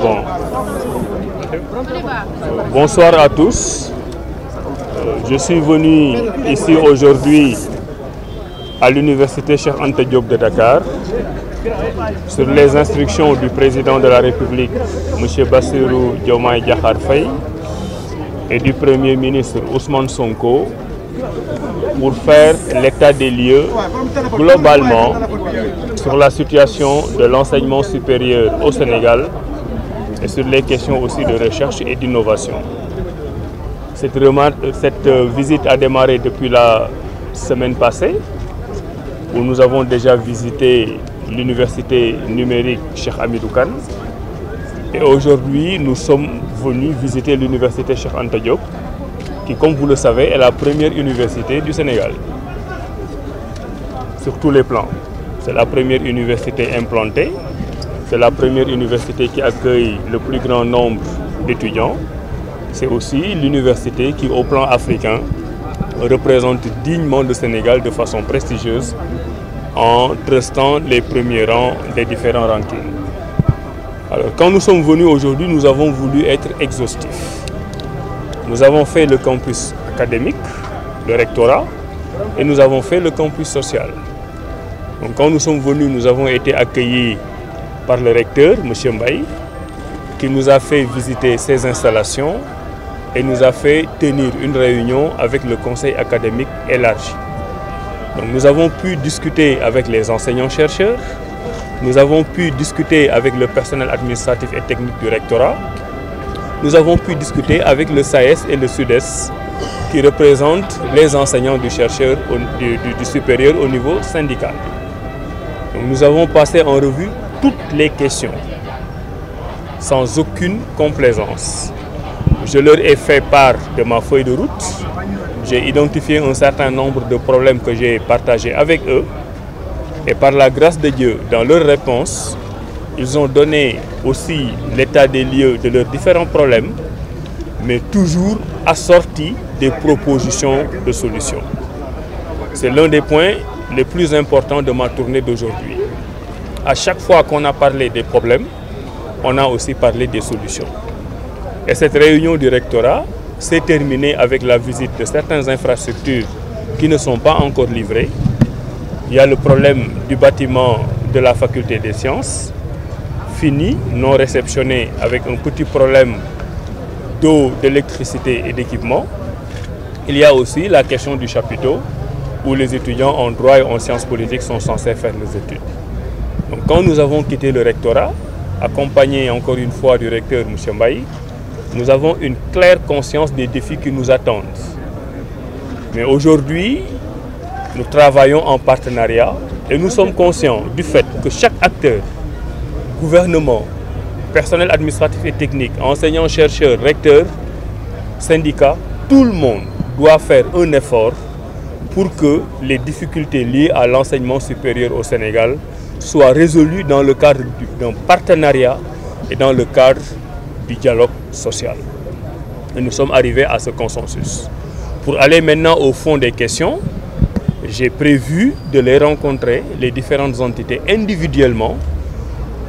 Bon. Bonsoir à tous. Euh, je suis venu ici aujourd'hui à l'université Cheikh Anta de Dakar sur les instructions du président de la République, monsieur Bassirou Diomaye Diakhar Faye, et du Premier ministre Ousmane Sonko pour faire l'état des lieux globalement sur la situation de l'enseignement supérieur au Sénégal et sur les questions aussi de recherche et d'innovation. Cette, cette euh, visite a démarré depuis la semaine passée où nous avons déjà visité l'université numérique Cheikh Hamidou Kane et aujourd'hui nous sommes venus visiter l'université Cheikh Anta Diop qui, comme vous le savez, est la première université du Sénégal, sur tous les plans. C'est la première université implantée, c'est la première université qui accueille le plus grand nombre d'étudiants, c'est aussi l'université qui, au plan africain, représente dignement le Sénégal de façon prestigieuse en trustant les premiers rangs des différents rankings. Alors, quand nous sommes venus aujourd'hui, nous avons voulu être exhaustifs. Nous avons fait le campus académique, le rectorat, et nous avons fait le campus social. Donc quand nous sommes venus, nous avons été accueillis par le recteur, M. Mbaye, qui nous a fait visiter ses installations et nous a fait tenir une réunion avec le conseil académique élargi. Donc nous avons pu discuter avec les enseignants-chercheurs, nous avons pu discuter avec le personnel administratif et technique du rectorat, nous avons pu discuter avec le SAES e et le SUDES e qui représentent les enseignants du chercheur au, du, du, supérieur au niveau syndical. Donc nous avons passé en revue toutes les questions sans aucune complaisance. Je leur ai fait part de ma feuille de route. J'ai identifié un certain nombre de problèmes que j'ai partagés avec eux. Et par la grâce de Dieu, dans leurs réponses, Ils ont donné aussi l'état des lieux de leurs différents problèmes, mais toujours assorti des propositions de solutions. C'est l'un des points les plus important de ma tournée d'aujourd'hui. À chaque fois qu'on a parlé des problèmes, on a aussi parlé des solutions. Et cette réunion du rectorat s'est terminée avec la visite de certaines infrastructures qui ne sont pas encore livrées. Il y a le problème du bâtiment de la faculté des sciences, fini, non réceptionné, avec un petit problème d'eau, d'électricité et d'équipement. Il y a aussi la question du chapiteau, où les étudiants en droit et en sciences politiques sont censés faire les études. Donc, quand nous avons quitté le rectorat, accompagné encore une fois du recteur M. Mbaï, nous avons une claire conscience des défis qui nous attendent. nous travaillons en partenariat et nous sommes conscients du fait que chaque acteur gouvernement personnel administratif et technique enseignants chercheurs recteurs syndicats tout le monde doit faire un effort pour que les difficultés liées à l'enseignement supérieur au Sénégal soient résolues dans le cadre d'un partenariat et dans le cadre du dialogue social. Et nous sommes arrivés à ce consensus. Pour aller maintenant au fond des questions, j'ai prévu de les rencontrer, les différentes entités individuellement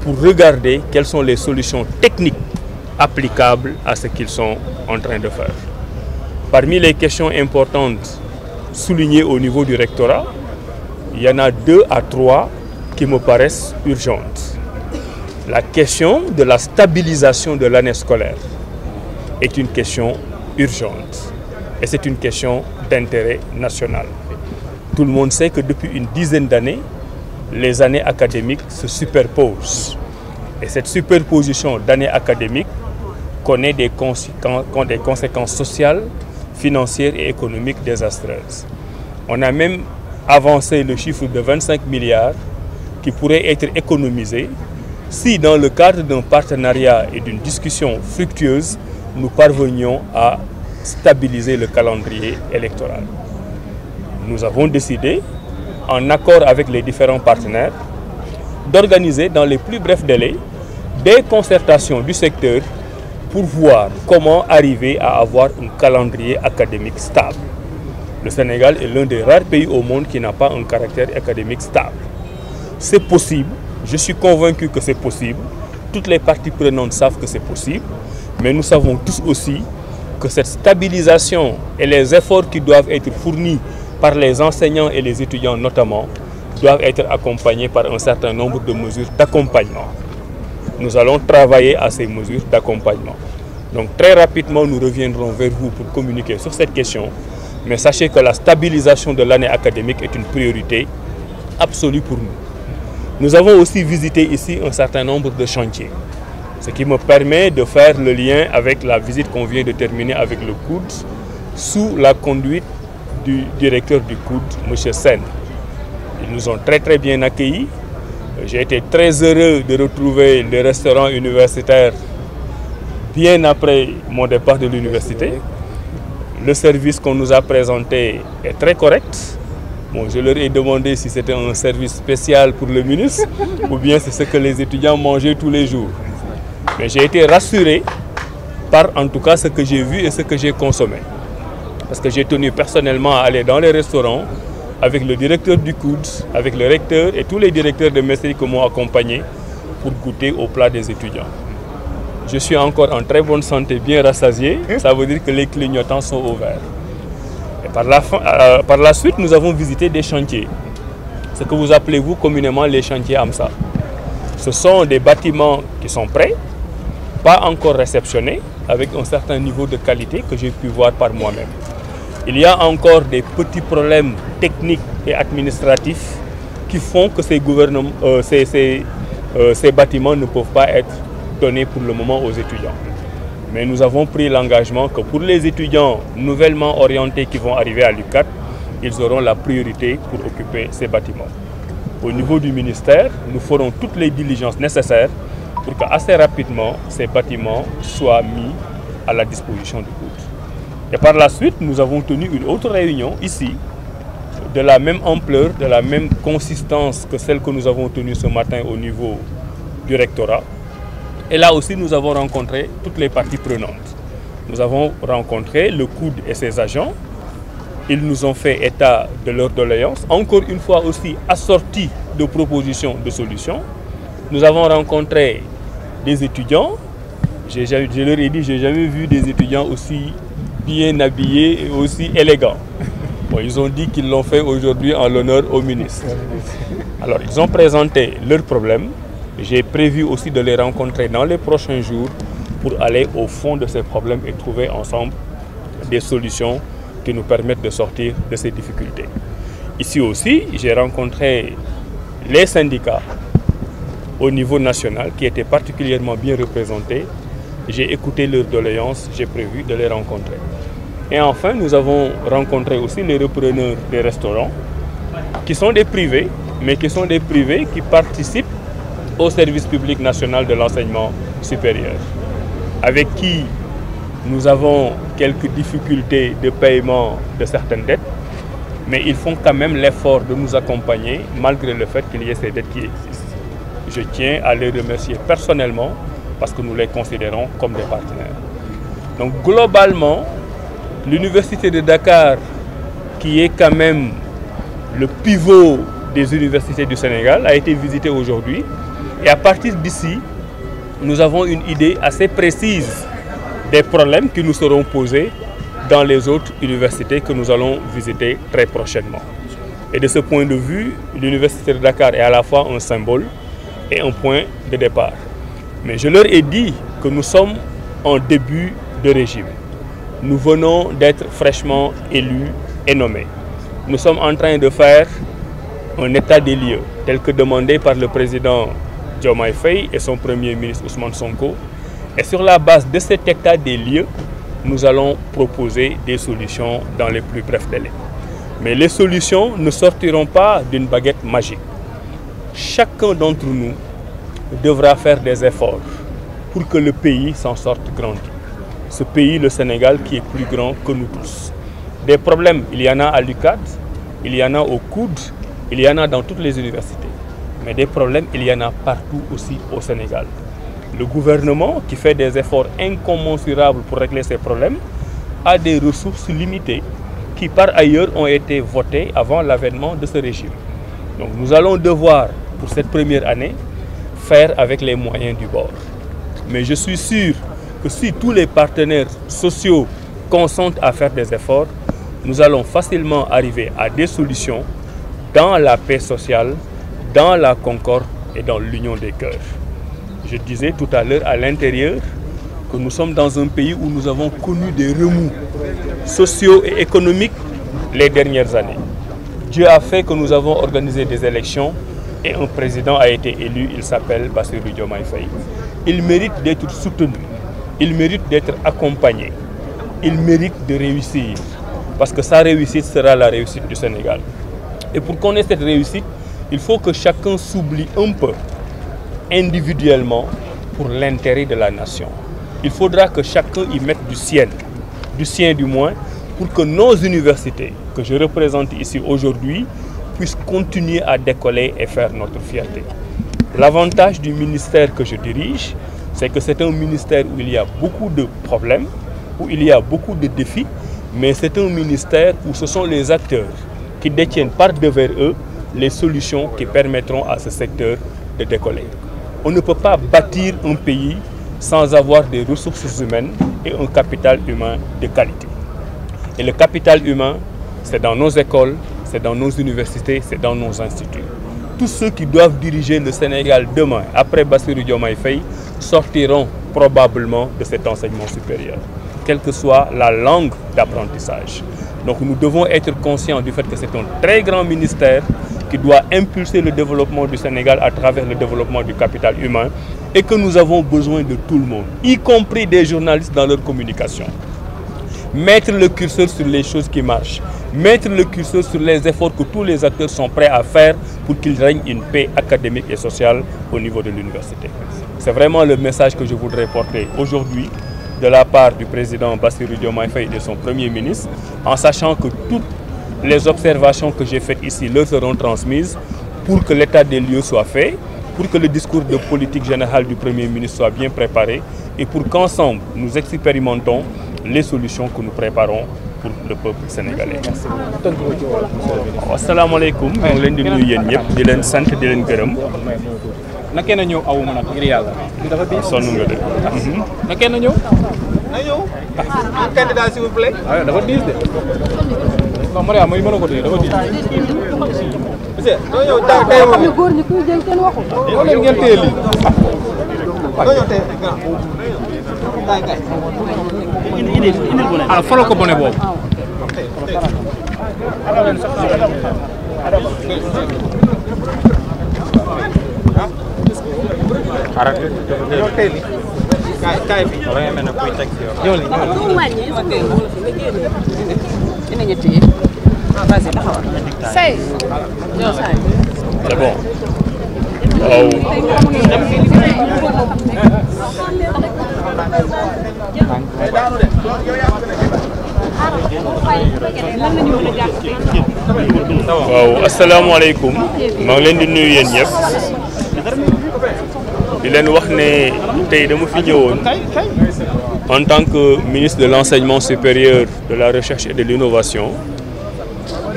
pour regarder quelles sont les solutions techniques applicables à ce qu'ils sont en train de faire. Parmi les questions importantes soulignées au niveau du rectorat, il y en a deux à trois qui me paraissent urgentes. La question de la stabilisation de l'année scolaire est une question urgente et c'est une question d'intérêt national. Tout le monde sait que depuis une dizaine d'années, les années académiques se superposent. Et cette superposition d'années académiques connaît des, des conséquences sociales, financières et économiques désastreuses. On a même avancé le chiffre de 25 milliards qui pourraient être économisés si, dans le cadre d'un partenariat et d'une discussion fructueuse, nous parvenions à stabiliser le calendrier électoral. Nous en accord avec les différents partenaires, d'organiser dans les plus brefs délais des concertations du secteur pour voir comment arriver à avoir un calendrier académique stable. Le Sénégal est l'un des rares pays au monde qui n'a pas un caractère académique stable. C'est possible, je suis convaincu que c'est possible, toutes les parties prenantes savent que c'est possible, mais nous savons tous aussi que cette stabilisation et les efforts qui doivent être par les enseignants et les étudiants notamment, doivent être accompagnés par un certain nombre de mesures d'accompagnement. Nous allons travailler à ces mesures d'accompagnement. Donc très rapidement, nous reviendrons vers vous pour communiquer sur cette question. Mais sachez que la stabilisation de l'année académique est une priorité absolue pour nous. Nous avons aussi visité ici un certain nombre de chantiers, ce qui me permet de faire le lien avec la visite qu'on de terminer avec le COUD sous la conduite du directeur du COUD, M. Sen. Ils nous ont très très bien accueillis. J'ai été très heureux de retrouver le restaurant universitaire bien après mon départ de l'université. Le service qu'on nous a présenté est très correct. Bon, je leur ai demandé si c'était un service spécial pour le ministre ou bien c'est ce que les étudiants mangeaient tous les jours. Mais j'ai été rassuré par en tout cas ce que j'ai vu et ce que j'ai consommé. parce que j'ai tenu personnellement à aller dans les restaurants avec le directeur du COUDS, avec le recteur et tous les directeurs de messerie que m'ont accompagné pour goûter au plat des étudiants. Je suis encore en très bonne santé, bien rassasié. Ça veut dire que les clignotants sont ouverts. par, la fin, euh, suite, nous avons visité des chantiers. Ce que vous appelez, vous, communément, les chantiers AMSA. Ce sont des bâtiments qui sont prêts, pas encore réceptionnés, avec un certain niveau de qualité que par moi Il y a encore des petits problèmes techniques et administratifs qui font que ces, gouvernements, euh, ces, ces, euh, ces bâtiments ne peuvent pas être donnés pour le moment aux étudiants. Mais nous avons pris l'engagement que pour les étudiants nouvellement orientés qui vont arriver à l'UCAT, ils auront la priorité pour occuper ces bâtiments. Au niveau du ministère, nous ferons toutes les diligences nécessaires pour qu'assez rapidement, ces bâtiments soient mis à la disposition du Et par la suite, nous avons tenu une autre réunion ici, de la même ampleur, de la même consistance que celle que nous avons tenue ce matin au niveau du rectorat. Et là aussi, nous avons rencontré toutes les parties prenantes. Nous avons rencontré le COUD et ses agents. Ils nous ont fait état de leur doléance, encore une fois aussi assortie de propositions de solutions. Nous avons rencontré des étudiants. Je leur ai dit, j'ai jamais vu des étudiants aussi bien habillés et aussi élégants. Bon, ils ont dit qu'ils l'ont fait aujourd'hui en l'honneur au ministre. Alors, ils ont présenté leurs problèmes. J'ai prévu aussi de les rencontrer dans les prochains jours pour aller au fond de ces problèmes et trouver ensemble des solutions qui nous permettent de sortir de ces difficultés. Ici aussi, j'ai rencontré les syndicats au niveau national qui étaient particulièrement bien représentés J'ai écouté leurs doléances, j'ai prévu de les rencontrer. Et enfin, nous avons rencontré aussi les repreneurs des restaurants, qui sont des privés, mais qui sont des privés qui participent au service public national de l'enseignement supérieur, avec qui nous avons quelques difficultés de paiement de certaines dettes, mais ils font quand même l'effort de nous accompagner malgré le fait qu'il y ait ces dettes qui existent. Je tiens à les remercier personnellement parce que nous les considérons comme des partenaires. Donc globalement, l'université de Dakar, qui est quand même le pivot des universités du Sénégal, a été visitée aujourd'hui. Et à partir d'ici, nous avons une idée assez précise des problèmes qui nous seront posés dans les autres universités que nous allons visiter très prochainement. Et de ce point de vue, l'université de Dakar est à la fois un symbole et un point de départ. Mais je leur ai dit que nous sommes en début de régime. Nous venons d'être fraîchement élus et nommés. Nous sommes en train de faire un état des lieux, tel que demandé par le président Diomaye Faye et son premier ministre Ousmane Sonko. Et sur la base de cet état des lieux, nous allons proposer des solutions dans les plus brefs délais. Mais les solutions ne sortiront pas d'une baguette magique. Chacun d'entre nous devra faire des efforts pour que le pays s'en sorte grandi. Ce pays, le Sénégal, qui est plus grand que nous tous. Des problèmes, il y en a à l'UCAD, il y en a au coude, il dans toutes les universités. Mais des problèmes, il y en a partout aussi au Sénégal. Le gouvernement, qui fait des efforts incommensurables pour régler ces problèmes, a des ressources limitées qui par ailleurs ont été votées avant l'avènement de ce régime. nous allons devoir, pour cette première année, faire avec les moyens du bord. Mais je suis sûr que si tous les partenaires sociaux consentent à faire des efforts, nous allons facilement arriver à des solutions dans la paix sociale, dans la concorde et dans l'union des cœurs. Je disais tout à l'heure à l'intérieur que nous sommes dans un pays où nous avons connu des remous sociaux et économiques les dernières années. Dieu a fait que nous avons organisé des élections et un président a été élu, il s'appelle Bassirou Diomaye Faye. Il mérite d'être soutenu, il mérite d'être accompagné, il mérite de réussir, parce que sa réussite sera la réussite du Sénégal. Et pour qu'on ait cette réussite, il faut que chacun s'oublie un peu, individuellement, pour l'intérêt de la nation. Il faudra que chacun y mette du sien, du sien du moins, pour que nos universités, que je représente ici aujourd'hui, puisse continuer à décoller et faire notre fierté. L'avantage du ministère que je dirige, c'est que c'est un ministère où il y a beaucoup de problèmes, où il y a beaucoup de défis, mais c'est un ministère où ce sont les acteurs qui détiennent par devers eux les solutions qui permettront à ce secteur de décoller. On ne peut pas bâtir un pays sans avoir des ressources humaines et un capital humain de qualité. Et le capital humain, c'est dans nos écoles, c'est dans nos universités, c'est dans nos instituts. Tous ceux qui doivent diriger le Sénégal demain, après Bassirou Diomaye Faye, sortiront probablement de cet enseignement supérieur, quelle que soit la langue d'apprentissage. Donc nous devons être conscients du fait que c'est un très grand ministère qui doit impulser le développement du Sénégal à travers le développement du capital humain et que nous avons besoin de tout le monde, y compris des journalistes dans leur communication. Mettre le curseur sur mettre le curseur sur les efforts que tous les acteurs sont prêts à faire pour qu'il règne une paix académique et sociale au niveau de l'université. C'est vraiment le message que je voudrais porter aujourd'hui de la part du président Bassirou Diomaye Faye et de son premier ministre, en sachant que toutes les observations que j'ai faites ici leur seront transmises pour que l'état des lieux soit fait, pour que le discours de politique générale du Premier ministre soit bien préparé et pour qu'ensemble nous expérimentons les solutions que nous préparons pour le peuple sénégalais. waaw asalaamaaleykum. maa ngi leen di nuyu yéen ñëpp di leen sant di leen gërëm. na kenn ñëw awu ma nag ngir yàlla. dafa bii nga de. na kenn ñëw. na ñëw. ah candidat s'il vous plaît. waaw ah, dafa diis de. non Maria a ko téye ñëw taa tey ñëw ah folo ko bone boobu. Ah, C'est bon. waaw oh. waaw asalaamaaleykum maa ngi leen di nuyu yéen ñëpp di leen wax ne tey dama fi ñëwoon en tant que ministre de l'enseignement supérieur de la recherche et de l'innovation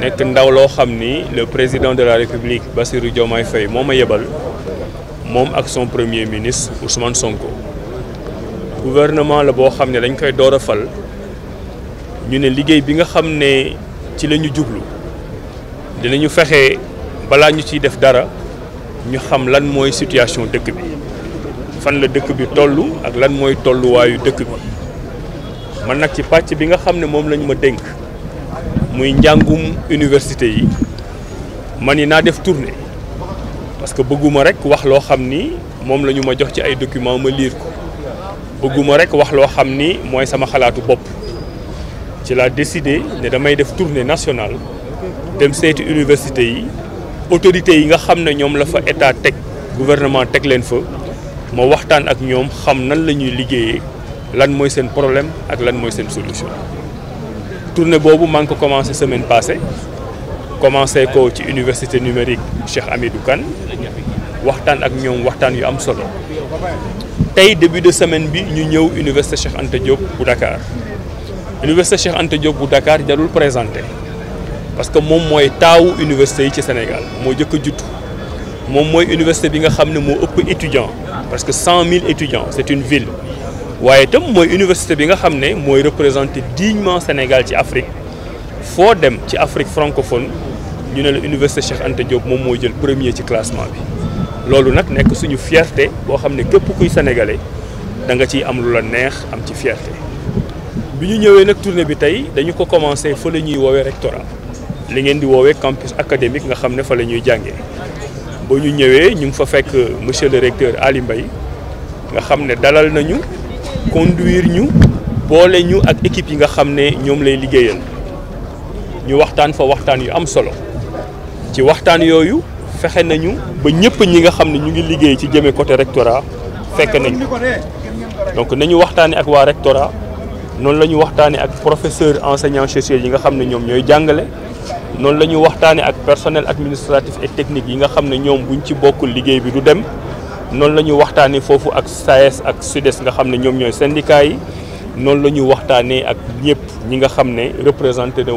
nekk ndaw loo xam ni le président de la république Bassirou Diomaye Faye moo ma yebal moom ak son premier ministre Ousmane Sonko gouvernement la boo xam ne dañ koy door a fal ñu ne liggéey bi nga xam ne ci lañu ñu jublu dinañu fexe balaa ñu ciy def dara ñu xam lan mooy situation dëkk bi fan la dëkk bi tollu ak lan mooy tolluwaayu dëkk bi man nag ci pàcc bi nga xam ne moom lañu ma dénk muy njàngum université yi man ni naa def tournée parce que bëgguma rek wax loo xam ni moom lañu ma jox ci ay documents ma lire ko bëgguma rek wax loo xam ni mooy sama xalaatu bopp ci laa décidé ne damay def tournée nationale dem seeti université yi autorités yi nga xam ne ñoom la fa état teg gouvernement teg leen fa ma waxtaan ak ñoom xam nan la ñuy liggéeyee lan mooy seen problème ak lan mooy seen solution tournée boobu maa ko commencé semaine passé commencé ko ci université numérique Cheikh amidu Kane waxtaan ak ñoom waxtaan yu am solo tey début de semaine bi ñu ñëw université Cheikh Anta Diop bu Dakar université Cheikh Anta Diop bu Dakar jalul présenté parce que moom mooy taawu université yi ci Sénégal moo jëkk a juddu moom mooy université bi nga xam ne moo ëpp étudiant parce que cent mille étudiants c'est une ville waaye itam mooy université bi nga xam ne mooy représenté dignement Sénégal ci Afrique foo dem ci Afrique francophone ñu ne la université Cheikh Anta moom moo jël premier ci classement bi loolu nag nekk suñu fierté boo xam ne képp kuy sénégalais da nga ciy am neex am ci fierté lu ñu ñëwee nag tournée bi tey dañu ko commencé fa la ñuy woowee rectorat li ngeen di woowee campus académique nga xam ne fa la ñuy jàngee ba ñu ñëwee ñu ngi fa fekk monsieur le recteur Ali Mbaye nga xam ne dalal nañu conduire ñu boole ñu ak équipe yi nga xam ne ñoom lay liggéeyal ñu waxtaan fa waxtaan yu am solo ci waxtaan yooyu fexe nañu ba ñëpp ñi nga xam ne ñu ngi liggéey ci jëmee côté rectorat fekk nañu donc nañu waxtaanee ak waa rectorat. noonu la ñu waxtaanee ak professeur enseignant chercheur yi nga xam ne ñoom ñooy jàngale noonu la ñu waxtaanee ak personnel administratif et technique yi nga xam ne ñoom buñ ci bokkul liggéey bi du dem noonu la ñu waxtaanee foofu ak SAES ak SUDES nga xam ne ñoom ñooy syndicat yi noonu la ñu waxtaanee ak ñëpp ñi nga xam ne représenté na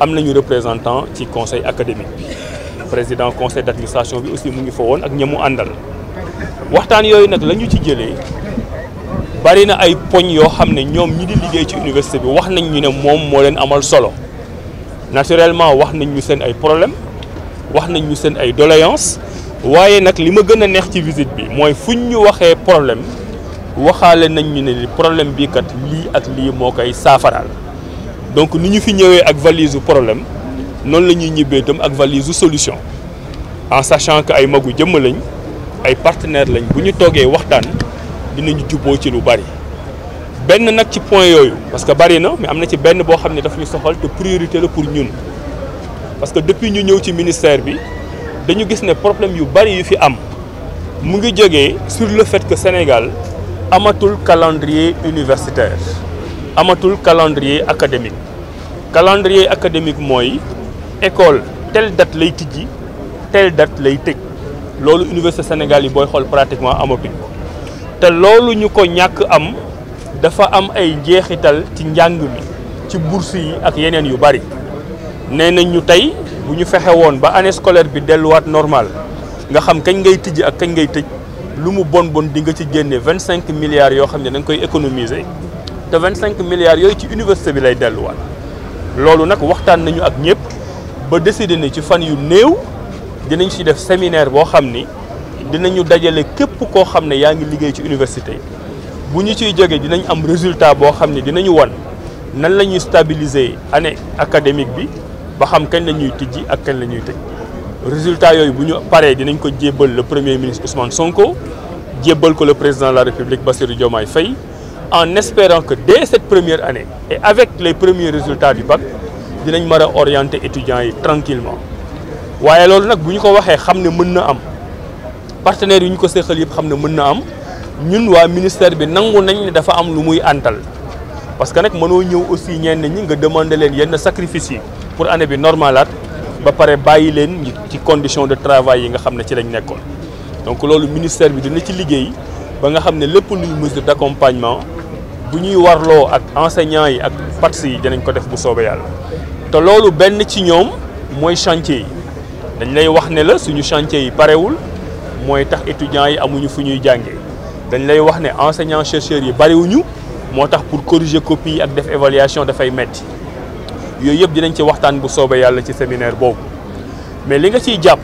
am nañu représentant ci conseil académique président conseil d'administration bi aussi mu ngi fa woon ak ñamu àndal waxtaan yooyu nag la ñu ci jëlee. bari na ay poñ yoo xam ne ñoom ñi di liggéey ci université bi wax nañ ñu ne moom moo leen amal solo naturellement wax nañ ñu seen ay problème wax nañ ñu seen ay doléance waaye nag li ma gën a neex ci visite bi mooy fuñ ñu waxee problème waxaale nañ ñu ne li problème bi kat lii ak lii moo koy saafaraal donc ni ñu fi ñëwee ak valise u problème noonu la ñuy ñibbee itam ak valise u solution en sachant que ay magu jëmm lañ ay partenaires lañ bu ñu toogee waxtaan ñu juboo ci lu bari benn nag ci point yooyu parce que bari na mais am na ci benn boo xam ne daf ñu soxal te priorité la pour ñun parce que depuis ñu ñëw ci ministère bi dañu gis ne problème yu bari yu fi am mu ngi jógee sur le fait que Sénégal amatul calendrier universitaire amatul calendrier académique calendrier académique mooy école telle date lay tijji telle date lay tëj loolu université Sénégal yi booy xool pratiquement amatuñ te loolu ñu ko ñàkk am dafa am ay njeexital ci njàng mi ci bourse yi ak yeneen yu bari nee na ñu tey bu ñu fexe woon ba année scolaire bi delluwaat normal nga xam kañ ngay tijji ak kañ ngay tëj lu mu bon bon di nga ci génne vingt cinq milliards yoo xam ne da koy économiser te vingt cinq milliards yooyu ci université bi lay delluwaat loolu nag waxtaan nañu ak ñëpp ba décidé ne ci fan yu néew dinañ ci def séminaire boo xam ni dinañu dajale képp koo xam ne yaa ngi liggéey ci université bu ñu ciy jógee dinañ am résultat boo xam ne dinañu wan nan la ñuy stabiliser année académique bi ba xam kañ la ñuy tijji ak kañ lañuy ñuy tëj résultat yooyu bu ñu paree dinañ ko jébbal le premier ministre Ousmane Sonko jébbal ko la président de la République Bassirou Diomaye Faye en espérant que dès cette première année et avec les premiers résultats du bac dinañ mën a orienter étudiants yi tranquillement waaye loolu nag bu ñu ko waxee xam ne mën na am partenaires yu ñu ko seqal yëpp xam ne mën na am ñun waa ministère bi nangu nañ ne dafa am lu muy àntal parce que nag mënoo ñëw aussi ñenn ñi nga demander leen yenn sacrifice yi pour année bi normalaat ba pare bàyyi leen ci condition de travail yi nga xam ne ci lañ nekkoon donc loolu ministère bi dina ci liggéey ba nga xam ne lépp luy mesure d'accompagnement bu ñuy warloo ak enseignants yi ak PATS yi dinañ ko def bu soobee yàlla te loolu benn ci ñoom mooy chantier yi dañ lay wax ne la suñu chantier yi parewul mooy tax étudiants yi amuñu fu ñuy jàngee dañ lay wax ne enseignants chercheurs yi bariwuñu moo tax pour corriger copie yi ak def évaluation dafay metti yooyu yëpp dinañ ci waxtaan bu soobee yàlla ci séminaire boobu mais li nga ciy jàpp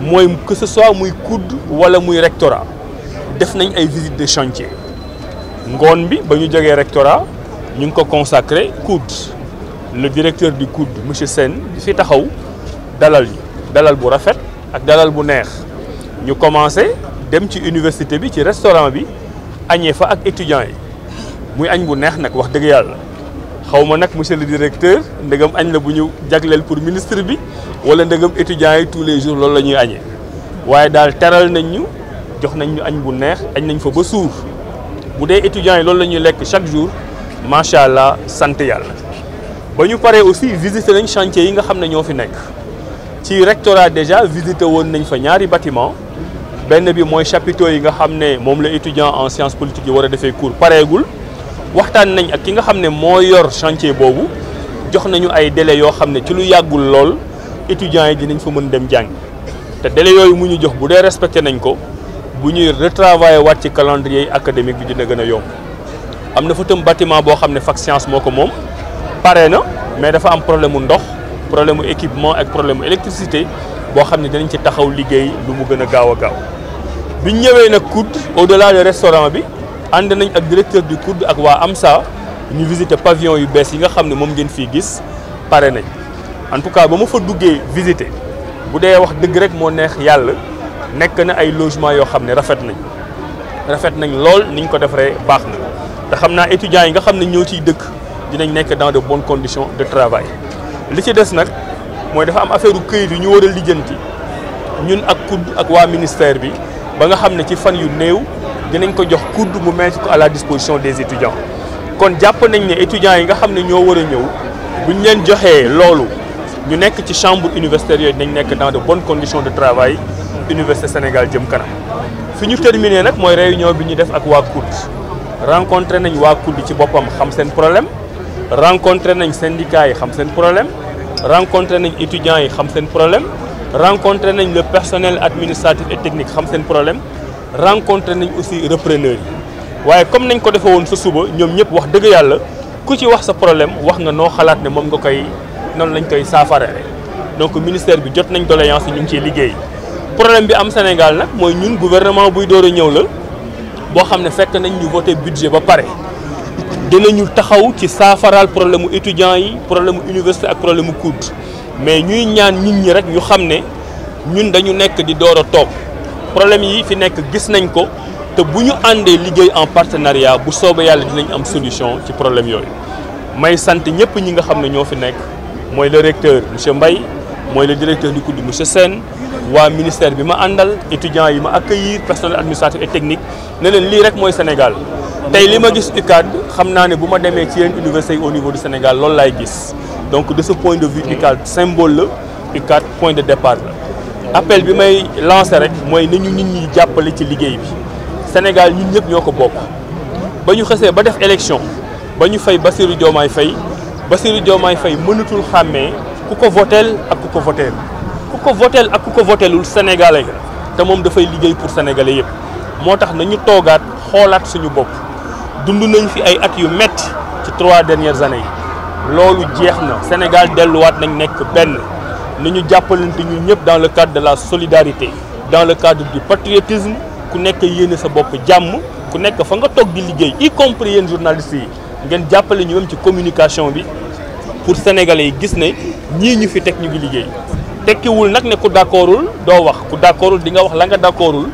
mooy que ce soit muy COUD wala muy rectorat def nañ ay visite de chantier ngoon bi ba ñu jógee rectorat ñu ngi ko consacré COUD le directeur du COUD monsieur Sène fi taxaw dalal yi dalal bu rafet ak dalal bu neex ñu commencé dem ci université bi ci restaurant bi añee fa ak étudiants yi muy añ bu neex nag wax dëgg yàlla xaw ma nag monsieur le directeur ndegam añ la bu ñu jagleel pour ministre bi wala ndegam étudiants yi tous les jours loolu la ñuy añee waaye daal teral nañ ñu jox nañ ñu añ bu neex añ nañ fa ba suur bu dee étudiants yi loolu la ñuy lekk chaque jour macha allah sant yàlla. ba ñu paree aussi visité nañ chantier yi nga xam ne ñoo fi nekk ci rectorat déjà visité woon nañ fa ñaari bâtiment benn bi mooy chapiteaux yi nga xam ne moom la étudiant en sciences politiques yi war a defee cours pareegul waxtaan nañ ak ki nga xam ne moo yor chantier boobu jox nañu ay délais yoo xam ne ci lu yàggul lool étudiants yi dinañ fa mën dem jàngi te délais yooyu mu ñu jox bu dee respecté nañ ko bu ñuy retravaillé waat ci calendrier académique bi dina gën a yomb am na fa tam bâtiment boo xam ne fac science moo ko moom pare na mais dafa am problème mu ndox problème mu équipement ak problème mu boo xam ne dinañ ci taxaw liggéey lu mu gën a gaaw a gaaw bi ñëwee nag COUD au delà de restaurant bi ànd nañ ak directeur du COUD ak waa AMSA ñu visiter pavillon yu bees yi nga xam ne moom ngeen fii gis pare nañ en tout cas ba ma fa duggee visiter bu dee wax dëgg rek moo neex yàlla nekk na ay logement yoo xam ne rafet nañ rafet nañ lool niñ ko defaree baax na te xam naa étudiants yi nga xam ne ñëw ciy dëkk dinañ nekk dans de bonnes condition de travail li ci des nag mooy dafa am affaire këyit yu ñu war a lijjanti ñun ak COUD ak waa ministère bi ba nga xam ne ci fan yu néew dinañ ko jox kudd mu mettre ko à la disposition des étudiants kon jàpp nañ ne étudiants yi nga xam ne ñoo war a ñëw ñu leen joxee loolu ñu nekk ci chambre universitaire yooyu nañ nekk dans de bonnes conditions de travail université Sénégal jëm kanam fi ñu terminé nag mooy réunion bi ñu def ak waa COUD rencontré nañ waa COUD ci boppam xam seen problème rencontré nañ syndicats yi xam seen problème rencontré nañ étudiants yi xam seen problème rencontré nañ le personnel administratif et technique xam seen problème rencontré nañ aussi repreneurs yi waaye comme nañ ko defe woon sa suba ñoom ñëpp wax dëgg yàlla ku ci wax sa problème wax nga noo xalaat ne moom nga koy noonu lañ koy saafara donc ministère bi jot nañ doléance yi ñu ngi ci liggéey problème bi am Sénégal nag mooy ñun gouvernement buy door a ñëw la boo xam ne fekk nañ ñu voté budget ba pare dinañu taxaw ci saafaraal problème mu étudiants yi problème mu université problème mu COUD mais ñuy ñaan nit ñi rek ñu xam ne ñun dañu nekk di door a toog problème yi fi nekk gis nañ ko te bu ñu àndee liggéey en partenariat bu soobee yàlla dinañ am solution ci problème yooyu may sant ñëpp ñi nga xam ne ñoo fi nekk mooy le recteur monsieur mbay mooy le directeur du COUD monsieur Sène waa ministère bi ma àndal étudiants yi ma accueillir personnel administratif et technique ne leen lii rek mooy Sénégal tey li ma gis UCAD xam naa ne bu ma demee ci yeneen université au niveau du Sénégal loolu laay gis donc de ce de vue UCAD symbole la UCAD point de départ la appel bi may lancé rek mooy na ñu nit ñi jàppale ci liggéey bi Sénégal ñun ñëpp ñoo ko bokk ba ñu xesee ba def élection ba ñu fay Bassirou Diomaye Faye Bassirou Diomaye Faye mënatul xàmmee ku ko voteel ak ku ko voteel ku ko voteel ak ku ko voteelul sénégalais te moom dafay liggéey pour sénégalais yëpp moo tax nañu toogaat xoolaat suñu bopp dund nañ fi ay at yu metti ci trois dernières années yi loolu jeex na Sénégal delluwaat nañ nekk benn ni ñu jàppalante ñu ñëpp dans le cadre de la solidarité dans le cadre du patriotisme ku nekk yéene sa bopp jàmm ku nekk fa nga toog di liggéey y compris yéen journalistes yi ngeen jàppale ñu même ci communication bi pour sénégalais yi gis ne ñii ñu fi teg ñu ngi liggéey tekkiwul nag ne ku d'accordul doo wax ku d'accordul di nga wax la nga d'accordul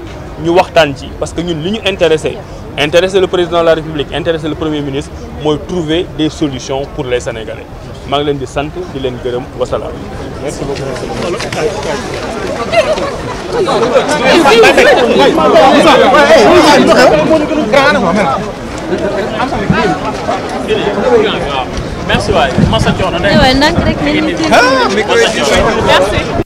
ñu waxtaan ci parce que ñun li ñu intéressé intéresser le président de la république intéresser le premier ministre mooy trouver des solutions pour les sénégalais maa ngi leen di sant di leen gërëm wasalaam. merci beaucoup. merci waay Massa Thion.